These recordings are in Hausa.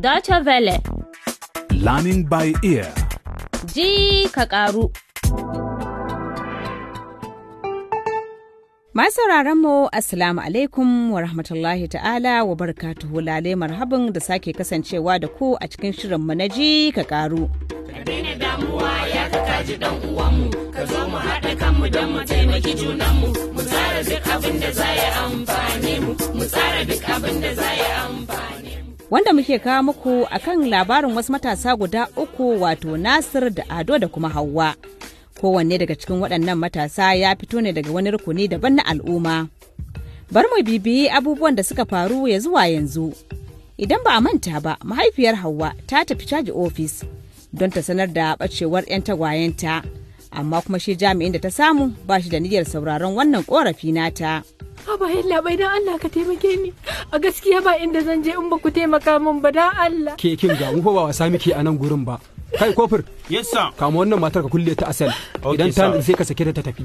Deutsche vele. Learning by ear. Ji ka ƙaru. mu Assalamu alaikum wa rahmatullahi ta'ala wa barakatuhu lale marhabin da sake kasancewa da ku a cikin shirin na ji ka ƙaru. Ka daina damuwa ya ka kaji dan uwanmu, ka zo mu haɗa kanmu don mu taimaki junanmu, mu tsara duk abin da za ya amfani mu, mu tsara duk abin da za ya amfani. wanda muke kawo muku akan labarin wasu matasa guda uku wato Nasir da Ado da kuma Hauwa. Kowanne daga cikin waɗannan matasa ya fito ne daga wani rukuni daban na al'umma. Bar mu bibiyi abubuwan da suka faru ya zuwa yanzu. Idan ba a manta ba, mahaifiyar Hauwa ta tafi caji ofis don ta sanar da ɓacewar 'yan tagwayenta. amma kuma shi jami'in da ta samu ba shi da niyyar sauraron wannan korafi nata. Haba yin labai don Allah ka taimake ni a gaskiya ba inda zan je in ba ku taimaka min ba don Allah. Ke kin ga mu fa ba wasa muke a nan gurin ba. Kai kofir. Yes sir. Kama wannan matar ka kulle ta asal. Idan ta sai ka sake ta tafi.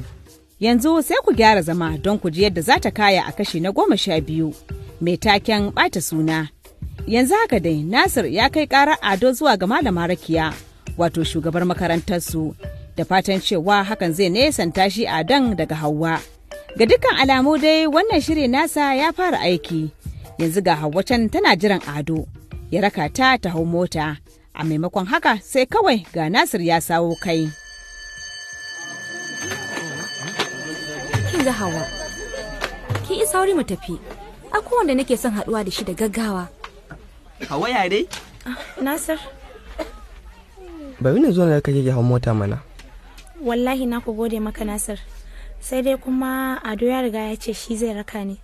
Yanzu sai ku gyara zama don ku ji yadda za ta kaya a kashi na goma sha biyu. Mai taken bata suna. Yanzu haka dai Nasir ya kai kara ado zuwa ga malama rakiya wato shugabar makarantar su da fatan cewa hakan zai nesanta shi dan daga Hauwa. Ga dukkan alamu dai wannan shirin nasa ya fara aiki, yanzu ga Hauwa can tana jiran Ado, ya raka ta ta hau mota, a maimakon haka sai kawai ga Nasir ya sawo kai. Kin ga Hauwa, ki yi sauri mu tafi, a wanda nake son haduwa da shi da gaggawa. Hauwa ya dai? Ah, Nasir. Bari ne zuwa na kake hau mota mana. wallahi na ku gode maka nasir sai dai kuma ado ya riga ya ce shi zai raka ni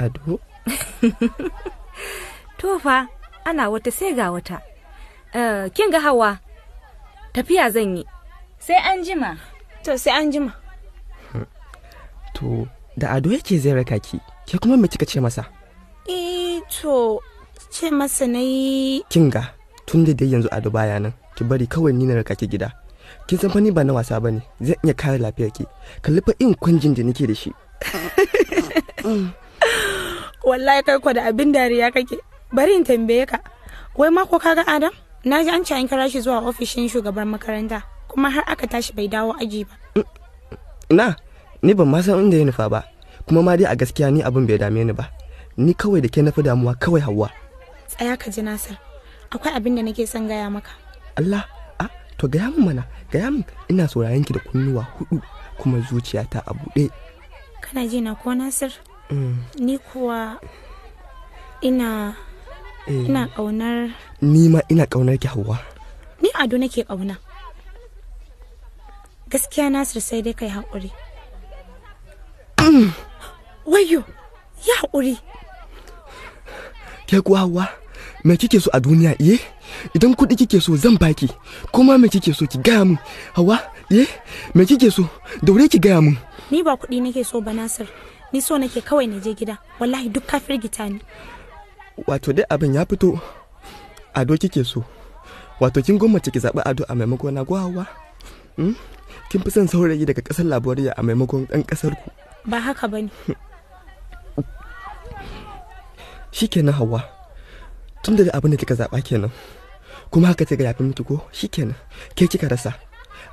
ado tofa ana wata sai ga wata eh, kin ga hawa tafiya zan yi sai an jima to sai an jima to da ado yake zai raka ki ke kuma me kika ce masa eh to ce masa na yi kinga tun da dai yanzu ado baya nan ki bari kawai ni na raka ki gida kin san fani ba na wasa bane zai iya kare lafiyar ki kalli fa in kunjin da nake da shi wallahi kai ko da abin dariya kake bari in tambaye ka wai ma ko kaga adam na ji an ci an kira shi zuwa ofishin shugaban makaranta kuma har aka tashi bai dawo aji ba na ni ban ma san inda ya nufa ba kuma ma dai a gaskiya ni abin bai dame ni ba ni kawai da ke nafi damuwa kawai hawa tsaya ka ji nasir akwai abin da nake son gaya maka Allah to gaya min mana gaya min ina saurayen ki da kunnuwa hudu kuma zuciyata a buɗe kana ji na ko nasir mm. ni kuwa ina eh. ina kaunar ni ma ina kaunar ki hawa ni ado nake kauna gaskiya nasir sai dai kai hakuri. Mm. wayo ya hakuri. ke kuwa hawa me kike so a duniya iye eh? idan kuɗi kike so zan baki kuma me kike so ki gaya min hawa ye eh, me kike so daure ki gaya min ni ba kuɗi nake so ba nasir ni so nake kawai na je gida wallahi duk ka firgita ni wato dai abin ya fito ado kike so wato kin gwammace ki zaɓi ado a maimakon na gwawa hmm? kin fi son saurayi daga ƙasar laboriya a maimakon ɗan ƙasar ku ba haka ba ne kenan hawa tun da abin da kika zaba kenan kuma haka ta ga yafi miki ko shikenan ke kika rasa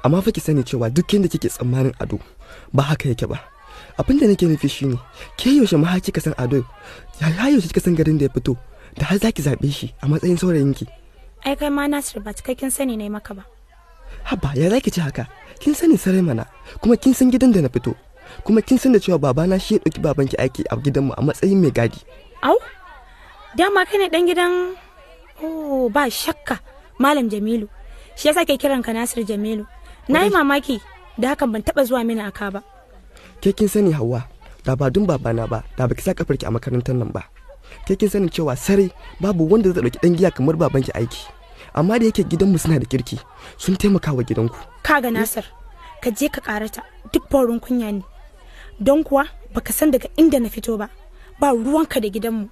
amma fa ki sani cewa duk da kike tsammanin ado ba haka yake ba abin da nake nufi shine ke yaushe ma kika san ado ya yaushe kika san garin da ya fito da har zaki zaɓe shi a matsayin ki. ai kai ma Nasir ba cikakken sani ne maka ba haba ya zaki ci haka kin sani sarai mana kuma kin san gidan da na fito kuma kin san da cewa babana shi ya dauki babanki aiki a gidanmu a matsayin mai gadi au dama kai ne dan gidan oh ba shakka malam jamilu shi yasa ke kiran ka nasir jamilu na yi mamaki da hakan ban taba zuwa mini aka ba ke kin sani hawa da ba dun babana ba da baki sa kafarki a makarantar nan ba ke kin sani cewa sare babu wanda zai dauki dan giya kamar babanki aiki amma da yake gidanmu suna da kirki sun taimaka wa gidanku kaga nasir ka je ka karata duk faurin kunya ne don kuwa baka san daga inda na fito ba ba ruwanka da gidanmu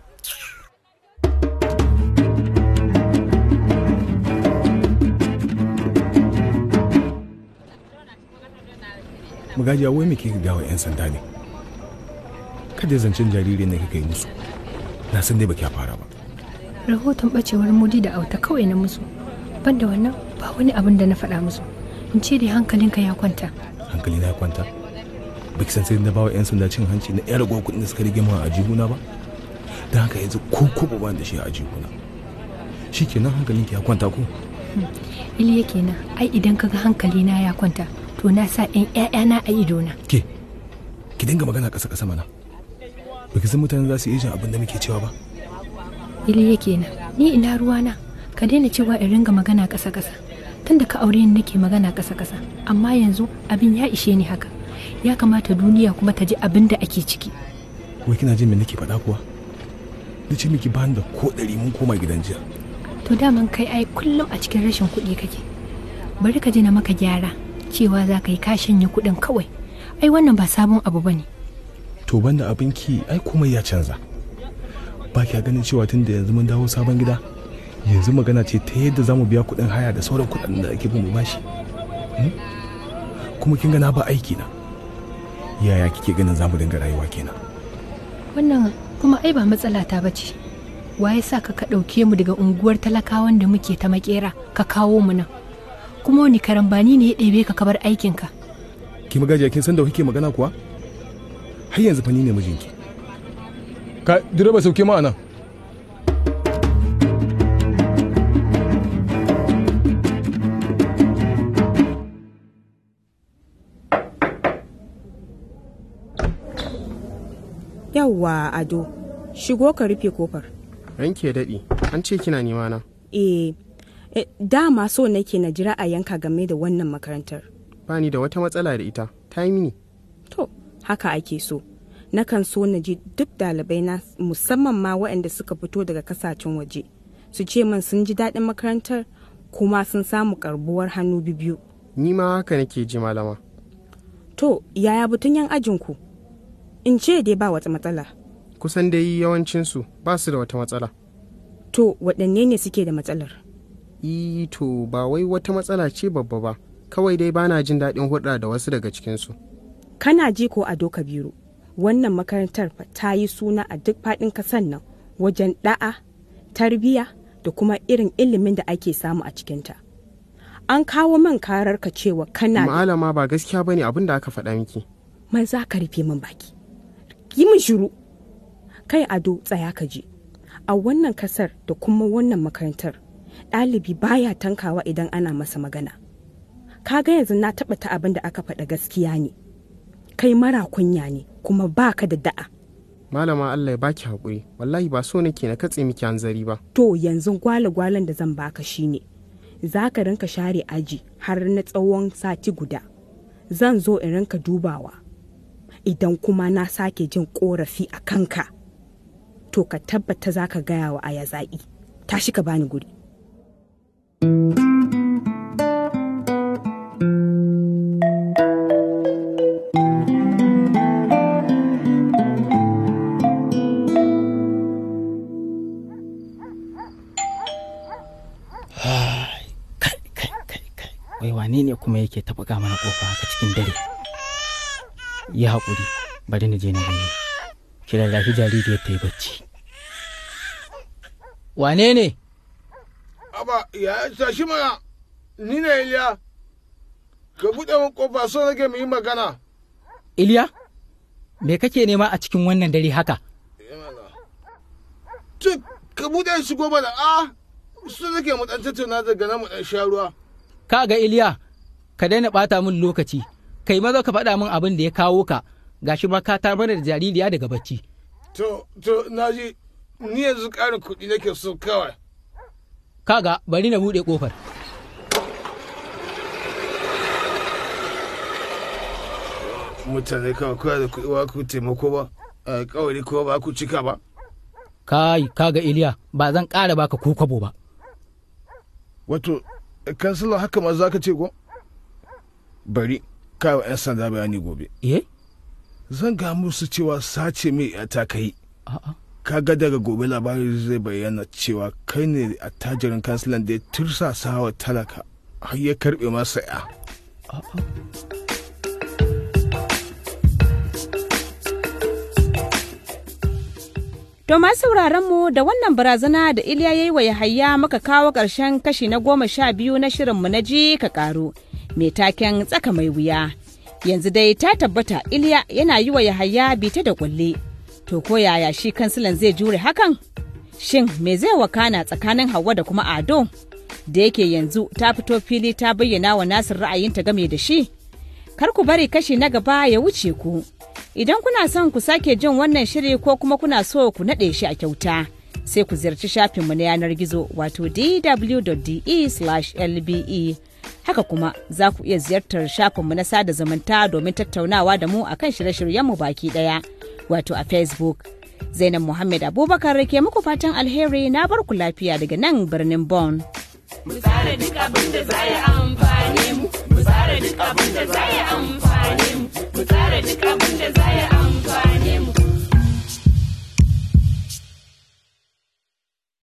magajiya wai muke gawa 'yan sanda ne kada zancen jariri ne kika yi musu na san dai baki fara ba rahoton bacewar mudi da auta kawai na musu banda wannan ba wani abin da na faɗa musu in ce dai hankalinka ya kwanta hankali na ya kwanta baki san sai na bawa 'yan sanda cin hanci na 'yar ragowar kuɗin da suka rige min a jihuna ba don haka yanzu ko ko ba da shi a jihuna shikenan hankalinki ya kwanta ko hmm. iliya kenan ai idan kaga hankali na ya kwanta to na sa 'yan 'ya'yana a idona ke ki dinga magana ƙasa ƙasa mana ba san mutane za su iya jin abin da muke cewa ba ili yake na ni ina ruwa na ka daina cewa in ringa magana ƙasa ƙasa tunda ka aure ni nake magana ƙasa ƙasa amma yanzu abin ya ishe ni haka ya kamata duniya kuma ta ji abin da ake ciki wai kina jin me nake faɗa kuwa da ce miki ban da ko ɗari mun koma gidan jiya to daman kai ai kullum a cikin rashin kuɗi kake bari ka ji na maka gyara cewa za ka yi kashin ya kuɗin kawai ai wannan ba sabon abu ba ne to banda ki, ai komai ya canza ba kya ganin cewa tun da yanzu mun dawo sabon gida yanzu magana ce ta yadda za mu biya kuɗin haya da sauran kuɗin da ake bin bashi hmm? kuma kin gana ba aiki na yaya kike ganin za mu dinga rayuwa kenan wannan kuma ai ba matsala ta bace waye sa ka ka dauke mu daga unguwar talakawan da muke ta makera ka kawo mu nan kuma wani karambani ne ya ɗebe ka kabar aikinka ki magaji kin san da kike magana kuwa har yanzu fa ni ne mijinki ka direba sauke ma anan yawwa ado shigo ka rufe kofar ranke daɗi an ce kina nema na eh Eh, dama so nake na jira a yanka game da wannan makarantar. bani da wata matsala da ita, ta yi mini. To, haka ake so. Nakan so na ji duk dalibai na musamman ma waɗanda suka fito daga kasashen waje. Su ce min sun ji daɗin makarantar kuma sun samu karbuwar hannu biyu. Ni ma haka nake ji malama. To, yaya butun yan ajinku? In ce dai ba wata matsala. Kusan dai yawancinsu ba su da wata matsala. To, waɗanne ne suke da matsalar? i e, to ba wai wata matsala ce babba ba kawai dai bana jin daɗin hulɗa da wasu daga cikinsu kana ji ko a doka biro wannan makarantar ta yi suna a duk faɗin ƙasar nan wajen ɗa'a tarbiyya da kuma irin ilimin da ake samu a cikinta an kawo man karar ka cewa kana malama ba gaskiya bane abin da aka faɗa miki man za ka rufe min baki yi min shiru kai ado tsaya ka je a wannan kasar da kuma wannan makarantar ɗalibi baya tankawa idan ana masa magana ka ga yanzu na taɓa ta abin da aka faɗa gaskiya ne kai mara kunya ne kuma baka da da'a malama Allah ya baki haƙuri wallahi ba so nake na katse miki hanzari ba to yanzu gwale gwalen da zan baka shine za ka rinka share aji har na tsawon sati guda zan zo in rinka dubawa idan kuma na sake jin korafi a kanka to ka tabbata za ka gaya wa aya zaƙi tashi ka bani guri yake ta buga mana kofa haka cikin dare yi haƙuri bari na je na gani ki lallafi jaririyar ta yi bacci wane ne aba ya tashi mana ni ne iliya ka buɗe min kofa so nake mu yi magana iliya me kake nema a cikin wannan dare haka eh, ka buɗe shi goma da a ah, su nake mu ɗan tattauna daga nan mu ɗan sha ruwa ka ga iliya ka daina ɓata min lokaci kai maza ka faɗa min abin da ya kawo ka gashi ma ka tar mana da jaririya daga bacci to to naji ni yanzu ƙarin kuɗi nake so kawai kaga bari na buɗe ƙofar mutane kawai kawai da kuɗi ba ku taimako ba kawai kuma ba ku cika ba kai kaga iliya ba zan ƙara baka ko kwabo ba wato kansila haka ma za ka ce ko bari kawo 'yan sanda bayani gobe eh? zan ga musu cewa sace mai ta kai kaga daga gobe labari zai bayyana cewa kai ne a tajirin kansilan da ya tursasa wa talaka har ya karbe masa ya Domin sauraron mu da wannan barazana da Iliya yayi wa Yahaya muka kawo ƙarshen kashi na goma sha biyu na shirinmu na ji ka ƙaru. mai taken tsaka mai wuya yanzu dai ta tabbata iliya yana yi wa yahaya bita da kulle to ko yaya shi kansilan zai jure hakan shin me zai wakana tsakanin hawa da kuma ado da yake yanzu ta fito fili ta bayyana wa nasir ra'ayinta game da shi kar ku bari kashi na gaba ya wuce ku idan kuna son ku sake jin wannan shiri ko kuma kuna so ku naɗe shi a kyauta sai ku ziyarci shafinmu na yanar gizo wato dw.de/lbe Haka kuma za ku iya ziyartar shafinmu na sada zumunta domin tattaunawa da mu a kan shirye-shiryenmu baki ɗaya, wato a Facebook. Zainab Muhammad Abubakar ke muku fatan alheri na barku lafiya daga nan birnin Bon. Mu tsara duk abin za ya amfani mu.